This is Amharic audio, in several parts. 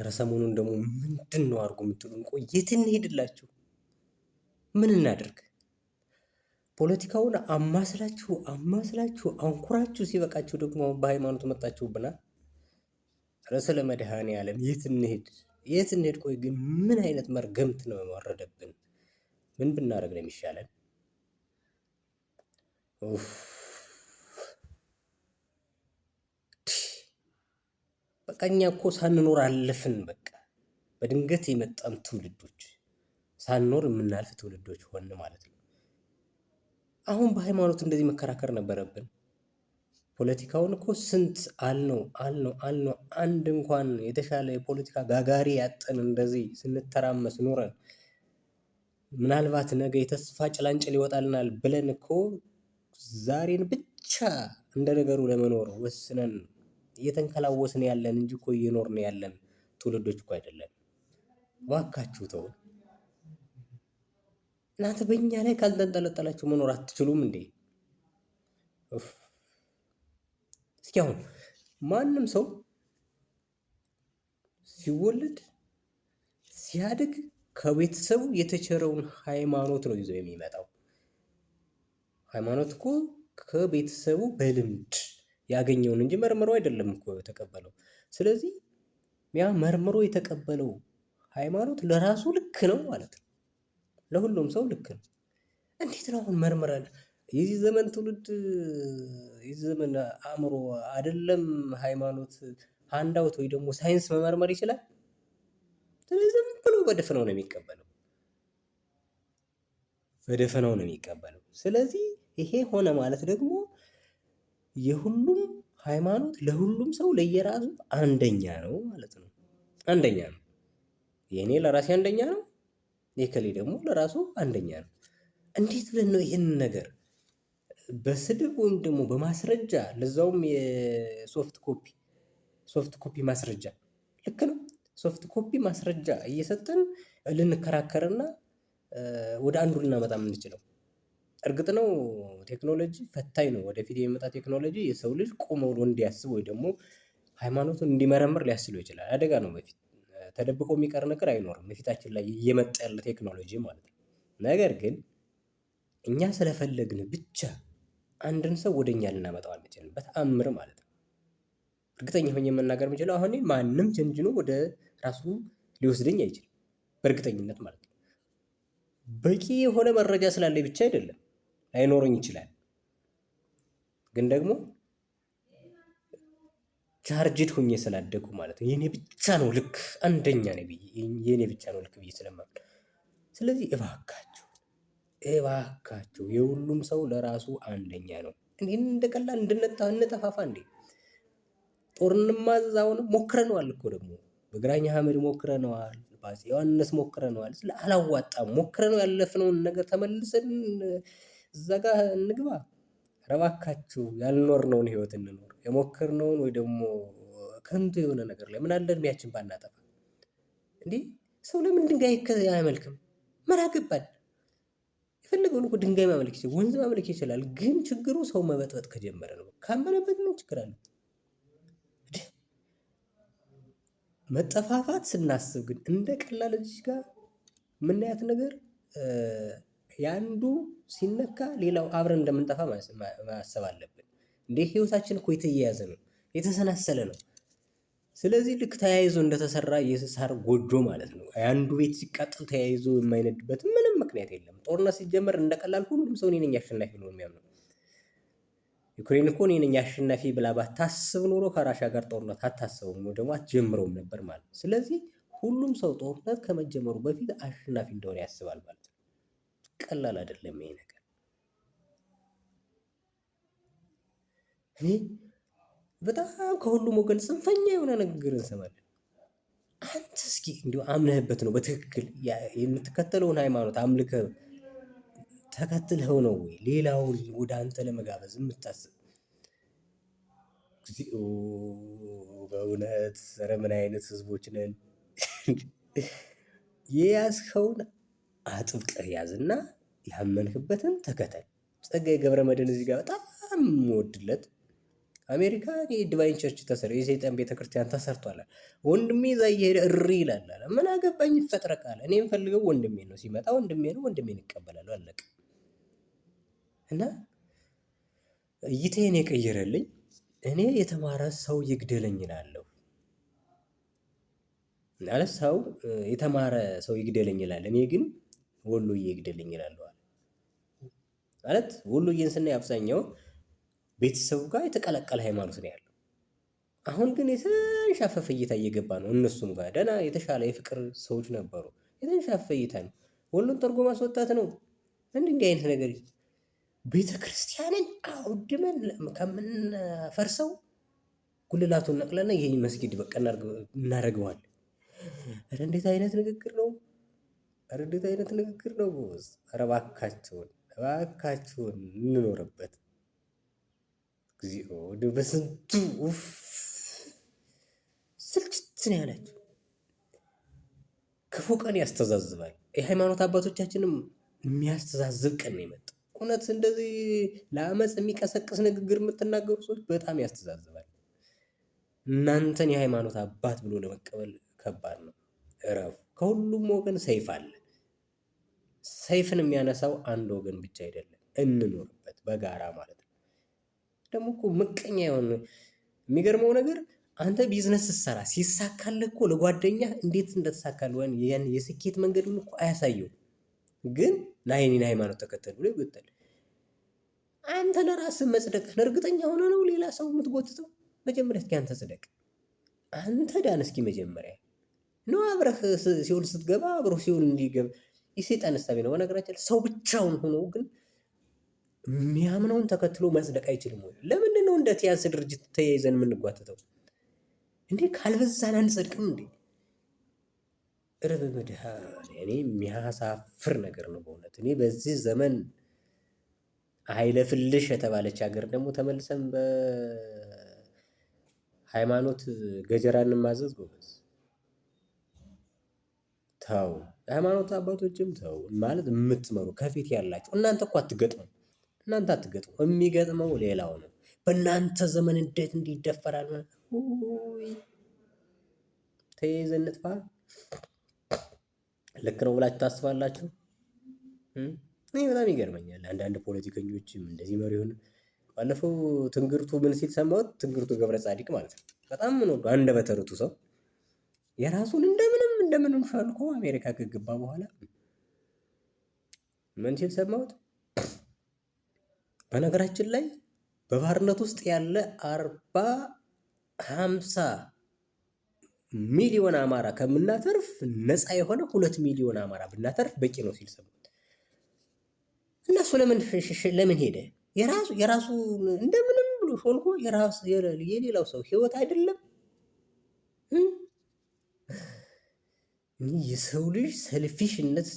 ኧረ ሰሞኑን ደግሞ ምንድን ነው አድርጎ የምትሉን? ቆይ የት እንሄድላችሁ? ምን እናደርግ? ፖለቲካውን አማስላችሁ አማስላችሁ አንኩራችሁ ሲበቃችሁ ደግሞ በሃይማኖት መጣችሁብናል። ኧረ ስለ መድኃኔ ዓለም የት እንሄድ የት እንሄድ? ቆይ ግን ምን አይነት መርገምት ነው የወረደብን? ምን ብናደርግ ነው የሚሻለን? በቃ እኛ እኮ ሳንኖር አለፍን። በቃ በድንገት የመጣን ትውልዶች ሳንኖር የምናልፍ ትውልዶች ሆን ማለት ነው። አሁን በሃይማኖት እንደዚህ መከራከር ነበረብን? ፖለቲካውን እኮ ስንት አልነው አልነው አልነው። አንድ እንኳን የተሻለ የፖለቲካ ጋጋሪ ያጠን እንደዚህ ስንተራመስ ኖረን ምናልባት ነገ የተስፋ ጭላንጭል ይወጣልናል ብለን እኮ ዛሬን ብቻ እንደ ነገሩ ለመኖር ወስነን እየተንከላወስን ያለን እንጂ እኮ እየኖርን ያለን ትውልዶች እኮ አይደለን። እባካችሁ ተው። እናንተ በእኛ ላይ ካልተንጠለጠላችሁ መኖር አትችሉም እንዴ? እስኪ አሁን ማንም ሰው ሲወለድ ሲያድግ ከቤተሰቡ የተቸረውን ሃይማኖት ነው ይዞ የሚመጣው። ሃይማኖት እኮ ከቤተሰቡ በልምድ ያገኘውን እንጂ መርምሮ አይደለም እኮ የተቀበለው። ስለዚህ ያ መርምሮ የተቀበለው ሃይማኖት ለራሱ ልክ ነው ማለት ነው። ለሁሉም ሰው ልክ ነው። እንዴት ነው አሁን መርምረን የዚህ ዘመን ትውልድ የዚህ ዘመን አእምሮ አይደለም ሃይማኖት ሃንዳውት ወይ ደግሞ ሳይንስ መመርመር ይችላል። ስለዚህ ዝም ብሎ በደፈነው ነው የሚቀበለው፣ በደፈነው ነው የሚቀበለው። ስለዚህ ይሄ ሆነ ማለት ደግሞ የሁሉም ሃይማኖት ለሁሉም ሰው ለየራሱ አንደኛ ነው ማለት ነው። አንደኛ ነው። የእኔ ለራሴ አንደኛ ነው፣ የከሌ ደግሞ ለራሱ አንደኛ ነው። እንዴት ብለን ነው ይህንን ነገር በስድብ ወይም ደግሞ በማስረጃ ለዛውም የሶፍት ኮፒ ሶፍት ኮፒ ማስረጃ ልክ ነው። ሶፍት ኮፒ ማስረጃ እየሰጠን ልንከራከርና ወደ አንዱ ልናመጣ የምንችለው እርግጥ ነው ቴክኖሎጂ ፈታኝ ነው። ወደፊት የሚመጣ ቴክኖሎጂ የሰው ልጅ ቆም ብሎ እንዲያስብ ወይ ደግሞ ሃይማኖቱን እንዲመረምር ሊያስችለው ይችላል። አደጋ ነው። በፊት ተደብቆ የሚቀር ነገር አይኖርም። በፊታችን ላይ እየመጣ ያለ ቴክኖሎጂ ማለት ነው። ነገር ግን እኛ ስለፈለግን ብቻ አንድን ሰው ወደ እኛ ልናመጣው አንችልም፣ በተአምር ማለት ነው። እርግጠኛ ሆኜ መናገር የምችለው አሁን ማንም ቸንጅኖ ወደ ራሱ ሊወስደኝ አይችልም፣ በእርግጠኝነት ማለት ነው። በቂ የሆነ መረጃ ስላለ ብቻ አይደለም ላይኖረኝ ይችላል። ግን ደግሞ ቻርጅድ ሁኜ ስላደጉ ማለት ነው የኔ ብቻ ነው ልክ አንደኛ ነው ብዬ የኔ ብቻ ነው ልክ ብዬ ስለማምን ስለዚህ እባካችሁ እባካችሁ የሁሉም ሰው ለራሱ አንደኛ ነው። ይህን እንደቀላል እንድንጠፋፋ እንዴ ጦርንም ማዘዛውን ሞክረነዋል እኮ ደግሞ በግራኝ ሐመድ ሞክረነዋል፣ በአፄ ዮሐንስ ሞክረነዋል። ስለ አላዋጣም ሞክረነው ያለፍነውን ነገር ተመልሰን እዛ ጋ እንግባ። ረባካችሁ ያልኖርነውን ህይወት እንኖር። የሞከርነውን ወይ ደግሞ ከንቱ የሆነ ነገር ላይ ምን አለ እድሜያችን ባናጠፋ። እንዲህ ሰው ለምን ድንጋይ አያመልክም? ምን አገባን? የፈለገውን ድንጋይ ማመልክ ይችላል፣ ወንዝ ማመልክ ይችላል። ግን ችግሩ ሰው መበጥበጥ ከጀመረ ነው። ካመነበት ምን ችግር አለ? መጠፋፋት ስናስብ ግን እንደ ቀላል እዚች ጋር የምናያት ነገር ያንዱ ሲነካ ሌላው አብረን እንደምንጠፋ ማሰብ አለብን። እንደ ህይወታችን እኮ የተያያዘ ነው፣ የተሰናሰለ ነው። ስለዚህ ልክ ተያይዞ እንደተሰራ የሳር ጎጆ ማለት ነው። የአንዱ ቤት ሲቃጠል ተያይዞ የማይነድበት ምንም ምክንያት የለም። ጦርነት ሲጀመር እንደቀላል ሁሉም ሰው እኔ ነኝ አሸናፊ ነው የሚያምነው። ዩክሬን እኮ እኔ ነኝ አሸናፊ ብላ ባታስብ ኖሮ ከራሻ ጋር ጦርነት አታስበውም ወይ ደግሞ አትጀምረውም ነበር ማለት ነው። ስለዚህ ሁሉም ሰው ጦርነት ከመጀመሩ በፊት አሸናፊ እንደሆነ ያስባል ማለት ነው። ቀላል አይደለም ይሄ ነገር። እኔ በጣም ከሁሉም ወገን ጽንፈኛ የሆነ ንግግር እንሰማለን። አንተ እስኪ እንዲሁ አምነህበት ነው በትክክል የምትከተለውን ሃይማኖት አምልከ ተከትለው ነው ወይ ሌላውን ወደ አንተ ለመጋበዝ የምታስብ? እግዚኦ በእውነት ኧረ ምን አይነት ህዝቦች ነን! የያዝኸውን አጥብቀህ ያዝና ያመንህበትን ተከተል። ጸጋዬ ገብረ መድኅን እዚህ ጋር በጣም ወድለት አሜሪካ የዲቫይን ቸርች ተሰር የሰይጣን ቤተክርስቲያን ተሰርቷል። ወንድሜ እዛ እየሄደ እሪ ይላል። ምን አገባኝ ፈጥረቃል። እኔ የምፈልገው ወንድሜ ነው። ሲመጣ ወንድሜ ነው፣ ወንድሜን ይቀበላሉ። አለቀ እና እይቴን የቀየረልኝ እኔ የተማረ ሰው ይግደለኝ ይላለሁ ማለት ሰው የተማረ ሰው ይግደለኝ ይላል። እኔ ግን ወሎዬ ይግደልኝ ይላለዋል። ማለት ወሎዬን ስናይ አብዛኛው ቤተሰቡ ጋር የተቀላቀለ ሃይማኖት ነው ያለው። አሁን ግን የተንሻፈፈ እይታ እየገባ ነው። እነሱም ጋር ደህና የተሻለ የፍቅር ሰዎች ነበሩ። የተንሻፈፈ እይታ ነው። ወሎን ጠርጎ ማስወጣት ነው። እንዲህ እንዲህ አይነት ነገር ቤተ ክርስቲያንን አውድመን ከምንፈርሰው ጉልላቱን ነቅለና ይህ መስጊድ በቃ እናደርገዋል። እንዴት አይነት ንግግር ነው! እንዴት አይነት ንግግር ነው ጎበዝ! ኧረ እባካችሁን እባካችሁን እንኖርበት። እግዚኦ በስንቱ ስልችትን ስልችት ያላችሁ። ክፉ ቀን ያስተዛዝባል። የሃይማኖት አባቶቻችንም የሚያስተዛዝብ ቀን ነው የመጣው። እውነት እንደዚህ ለአመፅ የሚቀሰቅስ ንግግር የምትናገሩ ሰዎች በጣም ያስተዛዝባል። እናንተን የሃይማኖት አባት ብሎ ለመቀበል ከባድ ነው። እረፉ። ከሁሉም ወገን ሰይፍ አለ። ሰይፍን የሚያነሳው አንድ ወገን ብቻ አይደለም። እንኖርበት በጋራ ማለት ነው። ደግሞ እኮ ምቀኛ የሆነ የሚገርመው ነገር አንተ ቢዝነስ ስትሰራ ሲሳካልህ እኮ ለጓደኛ እንዴት እንደተሳካል ወይ ያን የስኬት መንገዱን እኮ አያሳየው፣ ግን ናይኒን ሃይማኖት ተከተል ብሎ ይጎተል። አንተ ለራስህ መጽደቅ እርግጠኛ ሆነ ነው ሌላ ሰው የምትጎትተው? መጀመሪያ እስኪ አንተ ጽደቅ፣ አንተ ዳን እስኪ መጀመሪያ ነው አብረህ ሲውል ስትገባ አብረህ ሲውል እንዲገባ የሴጣን ሳቢ ነው። በነገራችን ሰው ብቻውን ሆኖ ግን የሚያምነውን ተከትሎ መጽደቅ አይችልም ወይ? ለምንድን ነው እንደ ቲያንስ ድርጅት ተያይዘን የምንጓትተው እንዴ? ካልበዛን አንጸድቅም እንዴ? እረ እኔ የሚያሳፍር ነገር ነው በእውነት። እኔ በዚህ ዘመን አይለፍልሽ የተባለች ሀገር ደግሞ ተመልሰን በሃይማኖት ገጀራ እንማዘዝ ጎበዝ ተው፣ ሃይማኖት አባቶችም ተው ማለት የምትመሩ ከፊት ያላቸው እናንተ እኮ አትገጥሙ፣ እናንተ አትገጥሙ። የሚገጥመው ሌላው ነው። በእናንተ ዘመን እንዴት እንዲደፈራል? ተይዘነት ፋ ልክ ነው ብላችሁ ታስባላችሁ? ይህ በጣም ይገርመኛል። አንዳንድ ፖለቲከኞችም እንደዚህ መሪ ሆነ። ባለፈው ትንግርቱ ምን ሲል ሰማሁት? ትንግርቱ ገብረ ጻዲቅ ማለት ነው። በጣም ነው አንደበተ ርቱዕ ሰው የራሱን እንደምን እንደምንም ፈልኮ አሜሪካ ከገባ በኋላ ምን ሲል ሰማሁት? በነገራችን ላይ በባርነት ውስጥ ያለ አርባ ሀምሳ ሚሊዮን አማራ ከምናተርፍ ነፃ የሆነ ሁለት ሚሊዮን አማራ ብናተርፍ በቂ ነው ሲል ሰማሁት። እነሱ ለምን ለምን ሄደ? የራሱ እንደምንም ብሎ ሾልኮ የሌላው ሰው ህይወት አይደለም የሰው ልጅ ሰልፊሽነት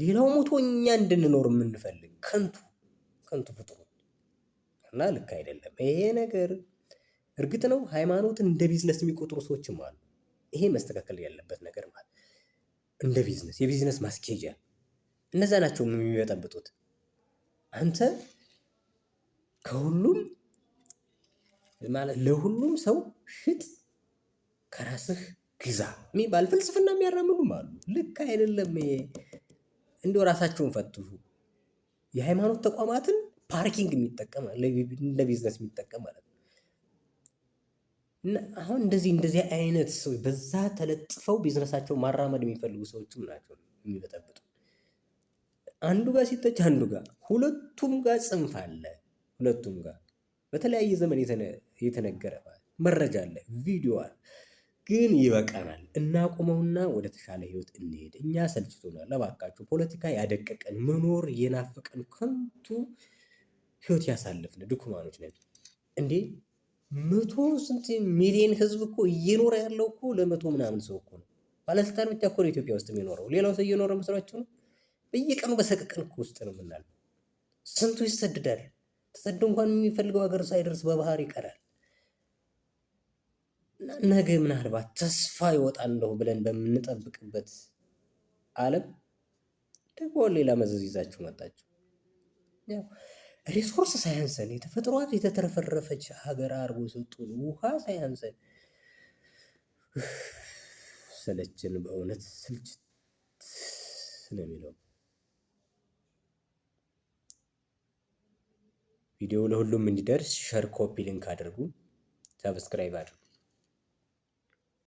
ሌላው ሞቶ እኛ እንድንኖር የምንፈልግ ከንቱ ከንቱ ፍጥሩ እና ልክ አይደለም ይሄ ነገር። እርግጥ ነው ሃይማኖት እንደ ቢዝነስ የሚቆጥሩ ሰዎችም አሉ። ይሄ መስተካከል ያለበት ነገር ማለት እንደ ቢዝነስ የቢዝነስ ማስኬጃ እነዛ ናቸው የሚበጠብጡት። አንተ ከሁሉም ማለት ለሁሉም ሰው ሽጥ ከራስህ ግዛ የሚባል ፍልስፍና የሚያራምዱም አሉ። ልክ አይደለም። እንደው ራሳቸውን ፈትሹ። የሃይማኖት ተቋማትን ፓርኪንግ የሚጠቀም እንደ ቢዝነስ የሚጠቀም ማለት ነው። አሁን እንደዚህ እንደዚህ አይነት ሰዎች በዛ ተለጥፈው ቢዝነሳቸውን ማራመድ የሚፈልጉ ሰዎችም ናቸው የሚበጠብጡ። አንዱ ጋር ሲተች አንዱ ጋር ሁለቱም ጋር ጽንፍ አለ። ሁለቱም ጋር በተለያየ ዘመን የተነገረ መረጃ አለ፣ ቪዲዮ አለ። ግን ይበቃናል። እናቁመውና ወደ ተሻለ ህይወት እንሄድ። እኛ ሰልችቶናል። ለባካችሁ ፖለቲካ ያደቀቀን መኖር የናፈቀን ከንቱ ህይወት ያሳለፍን ድኩማኖች ነን እንዴ! መቶ ስንት ሚሊዮን ህዝብ እኮ እየኖረ ያለው እኮ ለመቶ ምናምን ሰው እኮ ነው። ባለስልጣን ብቻ እኮ ነው ኢትዮጵያ ውስጥ የሚኖረው። ሌላው ሰው እየኖረ መስሏቸው ነው። በየቀኑ በሰቀቀን እኮ ውስጥ ነው የምናለው። ስንቱ ይሰድዳል። ተሰዶ እንኳን የሚፈልገው ሀገር ሳይደርስ በባህር ይቀራል። እና ነገ ምናልባት ተስፋ እንደሁ ብለን በምንጠብቅበት ዓለም ደግሞ ሌላ መዘዝ ይዛችሁ መጣችሁ። ሪሶርስ ሳያንሰን የተፈጥሯት የተተረፈረፈች ሀገር አርጎ የሰጡን ውሃ ሳያንሰን ሰለችን። በእውነት ስልችት ነው የሚለው ቪዲዮ። ለሁሉም እንዲደርስ ሸር፣ ኮፒ ሊንክ አድርጉ፣ ሰብስክራይብ አድርጉ።